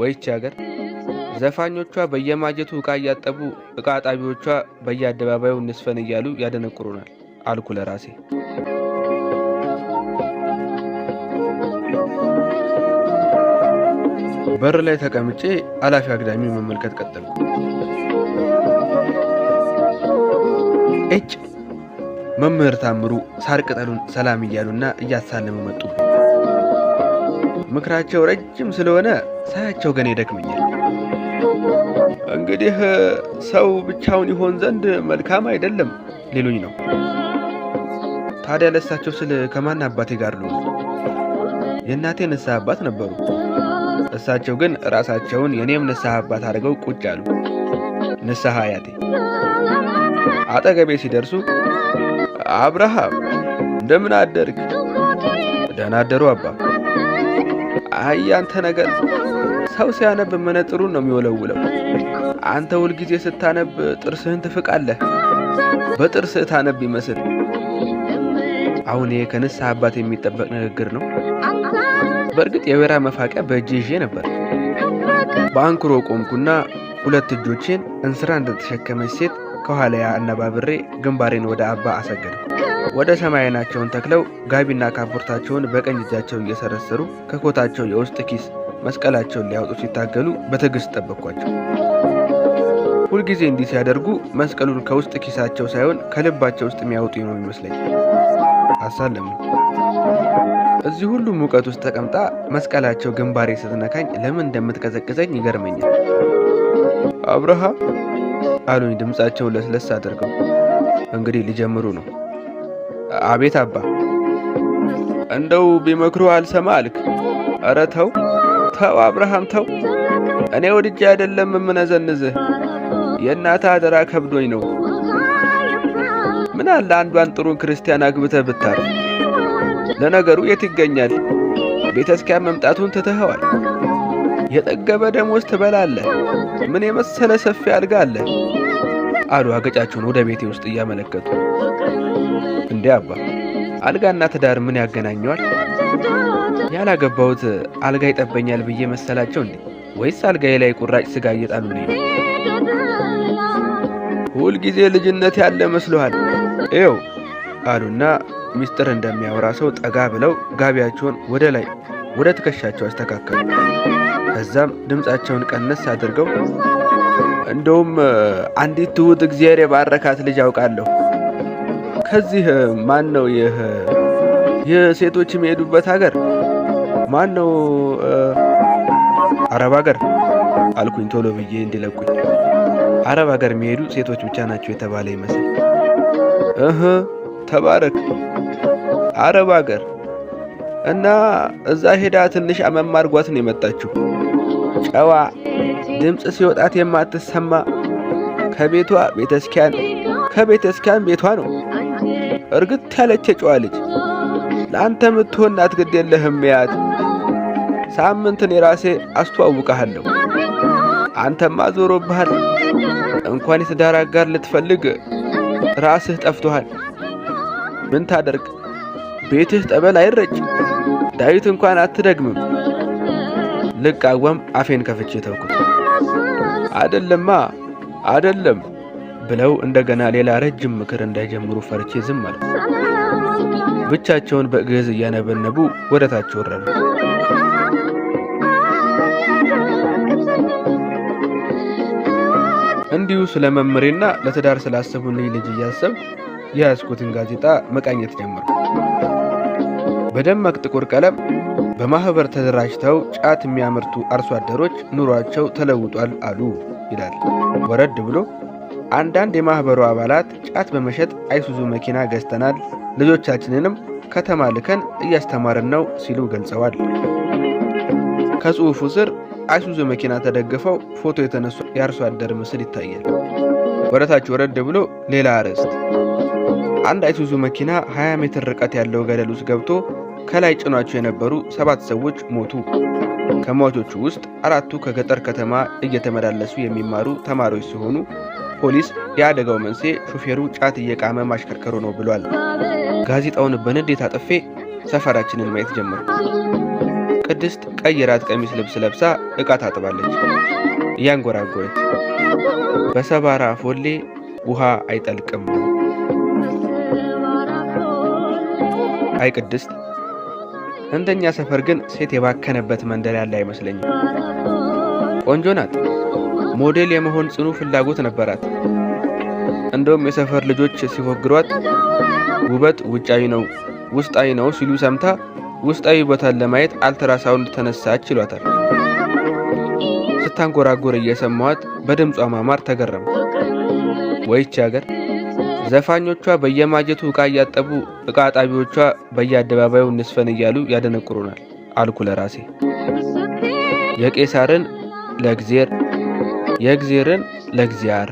ወይች ሀገር! ዘፋኞቿ በየማጀቱ እቃ እያጠቡ እቃ ጣቢዎቿ በየአደባባዩ እንስፈን እያሉ ያደነቁሩናል አልኩ ለራሴ። በር ላይ ተቀምጬ አላፊ አግዳሚ መመልከት ቀጠልኩ። እጭ መምህር ታምሩ ሳር ቅጠሉን ሰላም እያሉና እያሳለሙ መጡ። ምክራቸው ረጅም ስለሆነ ሳያቸው ገና ይደክምኛል። እንግዲህ ሰው ብቻውን ይሆን ዘንድ መልካም አይደለም ሌሉኝ ነው። ታዲያ ለሳቸው ስል ከማን አባቴ ጋር ልሆን? የእናቴ ንስሐ አባት ነበሩ። እሳቸው ግን ራሳቸውን የእኔም ንስሐ አባት አድርገው ቁጭ አሉ። ንስሐ አያቴ አጠገቤ ሲደርሱ አብርሃም እንደምን አደርግ? ደህና አደሩ አባ አይ አንተ ነገር ሰው ሲያነብ መነጥሩን ነው የሚወለውለው። አንተ ሁልጊዜ ስታነብ ጥርስህን ትፍቃለህ። በጥርስህ ታነብ ይመስል አሁን ይሄ ከንስሐ አባት የሚጠበቅ ንግግር ነው። በእርግጥ የወይራ መፋቂያ በእጅ ይዤ ነበር። በአንክሮ ቆምኩና ሁለት እጆቼን እንስራ እንደተሸከመች ሴት ያ አነባብሬ ግንባሬን ወደ አባ አሰገድኩ። ወደ ሰማይ አይናቸውን ተክለው ጋቢና ካፖርታቸውን በቀኝ እጃቸው እየሰረሰሩ ከኮታቸው የውስጥ ኪስ መስቀላቸውን ሊያወጡ ሲታገሉ በትዕግስት ጠበቅኳቸው። ሁልጊዜ እንዲህ ሲያደርጉ መስቀሉን ከውስጥ ኪሳቸው ሳይሆን ከልባቸው ውስጥ የሚያወጡ ነው ይመስለኝ። አሳለሙ። እዚህ ሁሉ ሙቀት ውስጥ ተቀምጣ መስቀላቸው ግንባሬ ስትነካኝ ለምን እንደምትቀዘቅዘኝ ይገርመኛል። አብርሃ አሉኝ ድምፃቸውን ለስለስ አድርገው። እንግዲህ ሊጀምሩ ነው። አቤት አባ፣ እንደው ቢመክሩ አልሰማ አልክ። እረ ተው ተው አብርሃም ተው። እኔ ወድጄ አይደለም የምነዘንዝህ፣ የእናተ አደራ ከብዶኝ ነው። ምን አለ አንዷን ጥሩን ክርስቲያን አግብተህ ብታር። ለነገሩ የት ይገኛል? ቤተ መምጣቱን ትተኸዋል። የጠገበ ደሞዝ ትበላለህ። ምን የመሰለ ሰፊ አልጋ አለ አሉ አገጫቸውን ወደ ቤቴ ውስጥ እያመለከቱ። እንዴ አባ አልጋና ትዳር ምን ያገናኘዋል? ያላገባሁት አልጋ ይጠበኛል ብዬ መሰላቸው እንዴ? ወይስ አልጋዬ ላይ ቁራጭ ስጋ እየጣሉ ነው? ሁልጊዜ ልጅነት ያለ መስሎሃል? ይኸው አሉና ሚስጥር እንደሚያወራ ሰው ጠጋ ብለው ጋቢያቸውን ወደ ላይ ወደ ትከሻቸው አስተካከሉ። ከዛም ድምፃቸውን ቀነስ አድርገው እንደውም አንዲት ትውት እግዚአብሔር የባረካት ልጅ አውቃለሁ ከዚህ ማን ነው ይህ የሴቶች የሚሄዱበት ሀገር ማን ነው? አረብ ሀገር አልኩኝ ቶሎ ብዬ እንዲለቁኝ። አረብ ሀገር የሚሄዱ ሴቶች ብቻ ናቸው የተባለ ይመስል እህ ተባረክ። አረብ ሀገር እና እዛ ሄዳ ትንሽ አመም ነው የመጣችው። ጨዋ ድምፅ ሲወጣት የማትሰማ ከቤቷ ቤተስኪያን ከቤተስኪያን ቤቷ ነው እርግጥ ያለች የጨዋ ልጅ ለአንተ የምትሆን ናት፣ ግድ የለህም ያት ሳምንትን የራሴ አስተዋውቀሃለሁ። አንተማ ዞሮብሃል። እንኳን የትዳር አጋር ልትፈልግ ራስህ ጠፍቶሃል። ምን ታደርግ፣ ቤትህ ጠበል አይረጭ፣ ዳዊት እንኳን አትደግምም። ልቃወም አፌን ከፍቼ ተውኩት። አደለማ አደለም ብለው እንደገና ሌላ ረጅም ምክር እንዳይጀምሩ ፈርቼ ዝም አልኩ። ብቻቸውን በግዕዝ እያነበነቡ ወደ ታች ወረዱ። እንዲሁ ስለ መምሬና ለትዳር ስላሰቡልኝ ልጅ እያሰብ የያዝኩትን ጋዜጣ መቃኘት ጀምሩ። በደማቅ ጥቁር ቀለም በማህበር ተደራጅተው ጫት የሚያመርቱ አርሶ አደሮች ኑሯቸው ተለውጧል አሉ ይላል። ወረድ ብሎ አንዳንድ የማኅበሩ አባላት ጫት በመሸጥ አይሱዙ መኪና ገዝተናል፣ ልጆቻችንንም ከተማ ልከን እያስተማርን ነው ሲሉ ገልጸዋል። ከጽሑፉ ስር አይሱዙ መኪና ተደግፈው ፎቶ የተነሱ የአርሶ አደር ምስል ይታያል። ወደታች ወረድ ብሎ ሌላ አርዕስት አንድ አይሱዙ መኪና 20 ሜትር ርቀት ያለው ገደል ውስጥ ገብቶ ከላይ ጭኗቸው የነበሩ ሰባት ሰዎች ሞቱ። ከሟቾቹ ውስጥ አራቱ ከገጠር ከተማ እየተመላለሱ የሚማሩ ተማሪዎች ሲሆኑ ፖሊስ የአደጋው መንስኤ ሹፌሩ ጫት እየቃመ ማሽከርከሩ ነው ብሏል። ጋዜጣውን በንዴት አጥፌ ሰፈራችንን ማየት ጀመር። ቅድስት ቀይ የራት ቀሚስ ልብስ ለብሳ እቃ ታጥባለች፣ እያንጎራጎረች በሰባራ ፎሌ ውሃ አይጠልቅም። አይ ቅድስት፣ እንደኛ ሰፈር ግን ሴት የባከነበት መንደር ያለ አይመስለኝም። ቆንጆ ናት። ሞዴል የመሆን ጽኑ ፍላጎት ነበራት። እንደውም የሰፈር ልጆች ሲፎግሯት ውበት ውጫዊ ነው ውስጣዊ ነው ሲሉ ሰምታ ውስጣዊ ውበቷን ለማየት አልትራሳውንድ ተነሳች ይሏታል። ስታንጎራጎር እየሰማዋት በድምጿ ማማር ተገረሙ። ወይች ሀገር! ዘፋኞቿ በየማጀቱ ዕቃ እያጠቡ ዕቃ ጣቢዎቿ በየአደባባዩ እንስፈን እያሉ ያደነቁሩናል አልኩ ለራሴ የቄሳርን ለእግዜር የእግዜርን ለእግዚአር